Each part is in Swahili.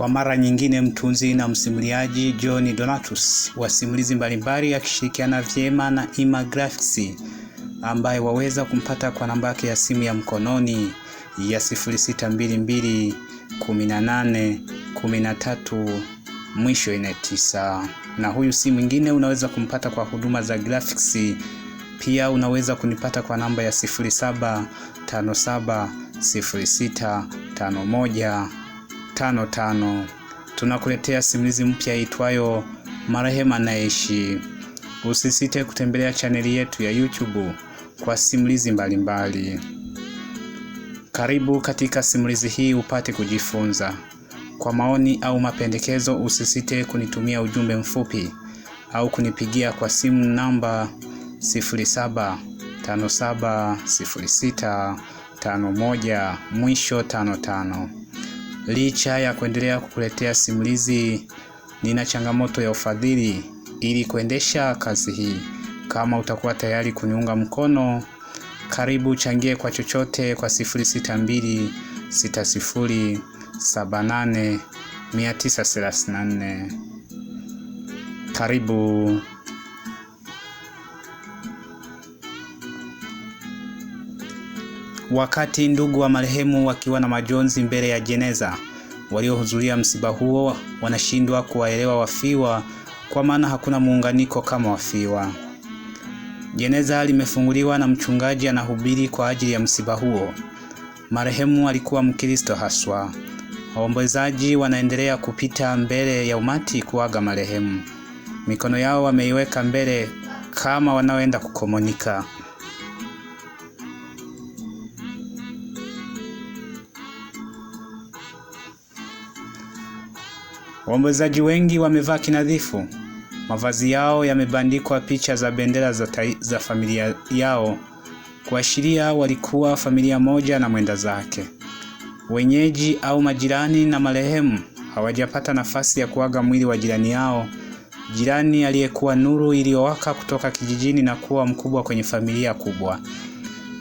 Kwa mara nyingine, mtunzi na msimuliaji John Donatus, wa simulizi mbalimbali akishirikiana vyema na Ima Graphics, ambaye waweza kumpata kwa namba yake ya simu ya mkononi ya 0622 mwisho ina tisa. Na huyu si mwingine, unaweza kumpata kwa huduma za graphics. Pia unaweza kunipata kwa namba ya 07570651 tano tano. Tunakuletea simulizi mpya itwayo Marehemu Anayeishi. Usisite kutembelea chaneli yetu ya YouTube kwa simulizi mbalimbali mbali. Karibu katika simulizi hii upate kujifunza. Kwa maoni au mapendekezo, usisite kunitumia ujumbe mfupi au kunipigia kwa simu namba moja mwisho 55. Licha ya kuendelea kukuletea simulizi, nina changamoto ya ufadhili ili kuendesha kazi hii. Kama utakuwa tayari kuniunga mkono, karibu changie kwa chochote kwa 0626078934. Karibu. Wakati ndugu wa marehemu wakiwa na majonzi mbele ya jeneza, waliohudhuria msiba huo wanashindwa kuwaelewa wafiwa, kwa maana hakuna muunganiko kama wafiwa. Jeneza limefunguliwa na mchungaji anahubiri kwa ajili ya msiba huo. Marehemu alikuwa Mkristo haswa. Waombolezaji wanaendelea kupita mbele ya umati kuaga marehemu, mikono yao wameiweka mbele kama wanaoenda kukomonika. Waombolezaji wengi wamevaa kinadhifu, mavazi yao yamebandikwa picha za bendera za, ta, za familia yao kuashiria walikuwa familia moja na mwenda zake. Wenyeji au majirani na marehemu hawajapata nafasi ya kuaga mwili wa jirani yao, jirani aliyekuwa nuru iliyowaka kutoka kijijini na kuwa mkubwa kwenye familia kubwa.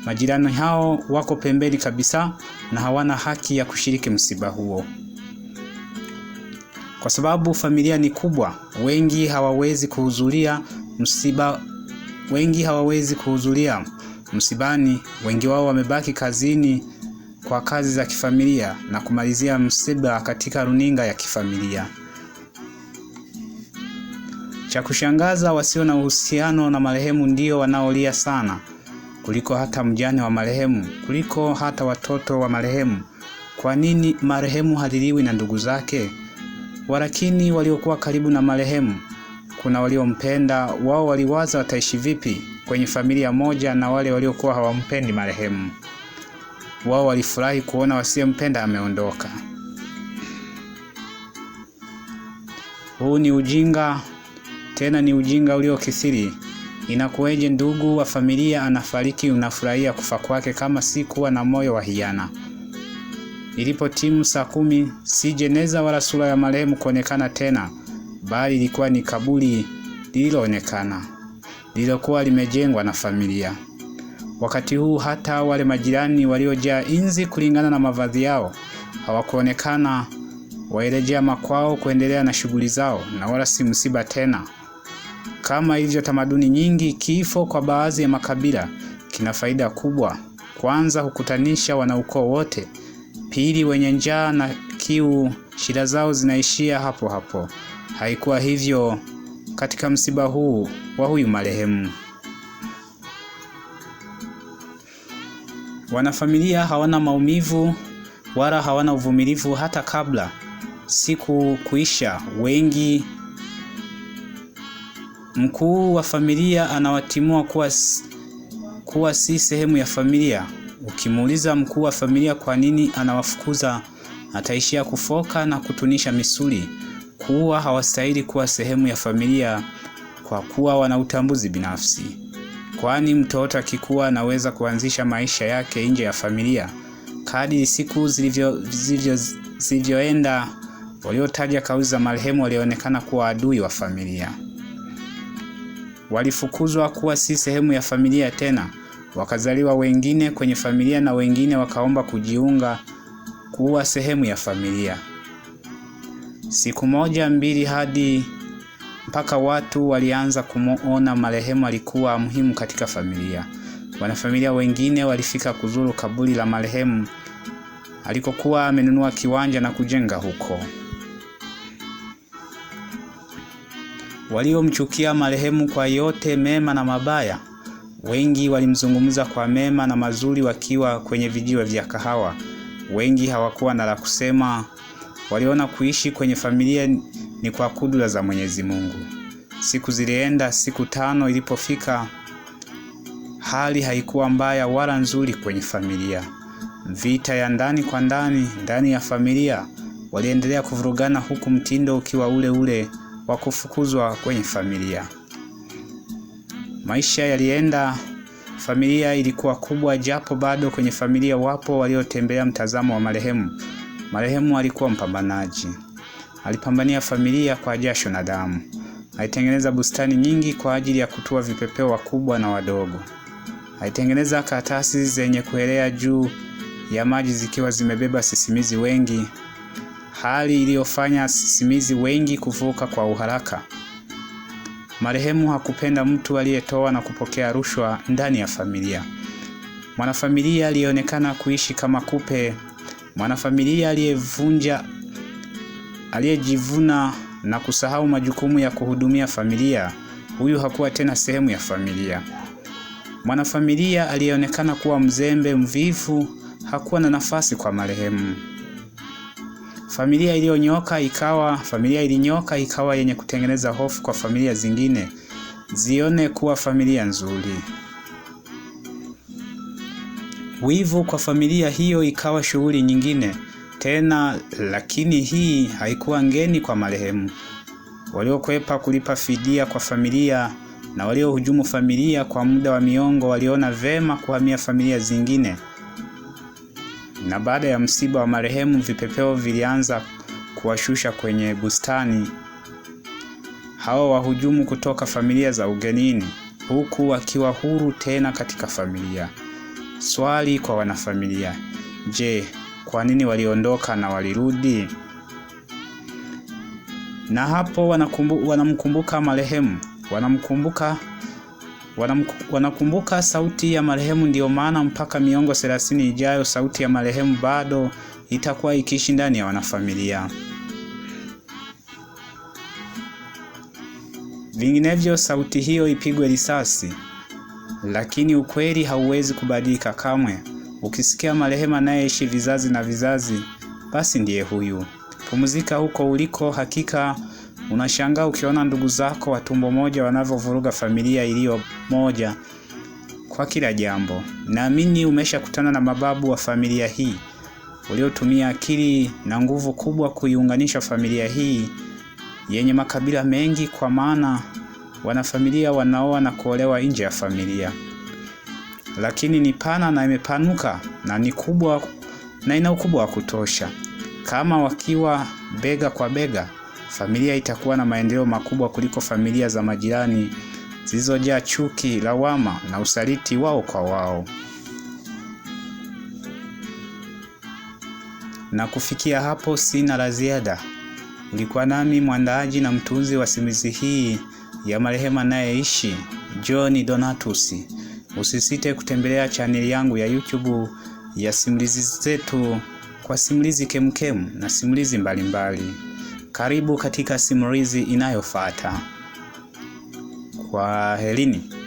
Majirani hao wako pembeni kabisa na hawana haki ya kushiriki msiba huo. Kwa sababu familia ni kubwa, wengi hawawezi kuhudhuria msiba, wengi hawawezi kuhudhuria msibani. Wengi wao wamebaki kazini kwa kazi za kifamilia na kumalizia msiba katika runinga ya kifamilia. Cha kushangaza, wasio na uhusiano na marehemu ndio wanaolia sana kuliko hata mjane wa marehemu, kuliko hata watoto wa marehemu. Kwa nini marehemu haliliwi na ndugu zake? Walakini waliokuwa karibu na marehemu, kuna waliompenda, wao waliwaza wataishi vipi kwenye familia moja na wale waliokuwa hawampendi marehemu. Wao walifurahi kuona wasiyempenda ameondoka. Huu ni ujinga, tena ni ujinga uliokithiri. Inakuweje ndugu wa familia anafariki, unafurahia kufa kwake kama si kuwa na moyo wa hiana? Ilipo timu saa kumi, si jeneza wala sura ya marehemu kuonekana tena, bali ilikuwa ni kaburi lililoonekana lililokuwa limejengwa na familia. Wakati huu hata wale majirani waliojaa inzi kulingana na mavazi yao hawakuonekana waelejea makwao kuendelea na shughuli zao, na wala si msiba tena. Kama ilivyo tamaduni nyingi, kifo kwa baadhi ya makabila kina faida kubwa. Kwanza, hukutanisha wanaukoo wote Wahindi wenye njaa na kiu, shida zao zinaishia hapo hapo. Haikuwa hivyo katika msiba huu wa huyu marehemu. Wanafamilia hawana maumivu wala hawana uvumilivu hata kabla siku kuisha. Wengi mkuu wa familia anawatimua kuwa, kuwa si sehemu ya familia. Ukimuuliza mkuu wa familia kwa nini anawafukuza, ataishia kufoka na kutunisha misuli kuwa hawastahili kuwa sehemu ya familia kwa kuwa wana utambuzi binafsi. Kwani mtoto akikua anaweza kuanzisha maisha yake nje ya familia. kadi siku zilivyoenda, waliotaja kauli za marehemu walionekana kuwa adui wa familia. Walifukuzwa kuwa si sehemu ya familia tena wakazaliwa wengine kwenye familia na wengine wakaomba kujiunga kuwa sehemu ya familia. Siku moja mbili hadi mpaka watu walianza kumuona marehemu alikuwa muhimu katika familia. Wanafamilia wengine walifika kuzuru kaburi la marehemu alikokuwa amenunua kiwanja na kujenga huko. Waliomchukia marehemu kwa yote mema na mabaya Wengi walimzungumza kwa mema na mazuri wakiwa kwenye vijiwe vya kahawa. Wengi hawakuwa na la kusema, waliona kuishi kwenye familia ni kwa kudura za Mwenyezi Mungu. Siku zilienda. Siku tano ilipofika, hali haikuwa mbaya wala nzuri kwenye familia. Vita ya ndani kwa ndani ndani ya familia waliendelea kuvurugana, huku mtindo ukiwa ule ule wa kufukuzwa kwenye familia. Maisha yalienda, familia ilikuwa kubwa, japo bado kwenye familia wapo waliotembelea mtazamo wa marehemu. Marehemu alikuwa mpambanaji, alipambania familia kwa jasho na damu. Alitengeneza bustani nyingi kwa ajili ya kutua vipepeo wakubwa na wadogo. Alitengeneza karatasi zenye kuelea juu ya maji zikiwa zimebeba sisimizi wengi, hali iliyofanya sisimizi wengi kuvuka kwa uharaka. Marehemu hakupenda mtu aliyetoa na kupokea rushwa ndani ya familia. Mwanafamilia alionekana kuishi kama kupe, mwanafamilia aliyevunja aliyejivuna na kusahau majukumu ya kuhudumia familia. Huyu hakuwa tena sehemu ya familia. Mwanafamilia aliyeonekana kuwa mzembe, mvivu, hakuwa na nafasi kwa marehemu. Familia iliyonyoka ikawa familia ilinyoka ikawa yenye kutengeneza hofu kwa familia zingine. Zione kuwa familia nzuri. Wivu kwa familia hiyo ikawa shughuli nyingine tena, lakini hii haikuwa ngeni kwa marehemu. Waliokwepa kulipa fidia kwa familia na waliohujumu familia kwa muda wa miongo waliona vema kuhamia familia zingine na baada ya msiba wa marehemu vipepeo vilianza kuwashusha kwenye bustani hawa wahujumu kutoka familia za ugenini, huku wakiwa huru tena katika familia. Swali kwa wanafamilia: je, kwa nini waliondoka na walirudi? Na hapo wanamkumbuka marehemu, wanamkumbuka Wanakumbuka sauti ya marehemu, ndiyo maana mpaka miongo 30 ijayo sauti ya marehemu bado itakuwa ikiishi ndani ya wanafamilia. Vinginevyo sauti hiyo ipigwe risasi. Lakini ukweli hauwezi kubadilika kamwe. Ukisikia marehemu anayeishi vizazi na vizazi, basi ndiye huyu. Pumzika huko uliko, hakika Unashangaa ukiona ndugu zako wa tumbo moja wanavyovuruga familia iliyo moja kwa kila jambo. Naamini umeshakutana na mababu wa familia hii uliotumia akili na nguvu kubwa kuiunganisha familia hii yenye makabila mengi, kwa maana wanafamilia wanaoa na kuolewa nje ya familia. Lakini ni pana na imepanuka na ni kubwa na ina ukubwa wa kutosha, kama wakiwa bega kwa bega Familia itakuwa na maendeleo makubwa kuliko familia za majirani zilizojaa chuki, lawama na usaliti wao kwa wao. Na kufikia hapo, sina la ziada. Ulikuwa nami mwandaaji na mtunzi wa simizi hii ya marehemu anayeishi John Donatus. Usisite kutembelea chaneli yangu ya YouTube ya simulizi zetu kwa simulizi kemkem na simulizi mbalimbali mbali. Karibu katika simulizi inayofuata. helini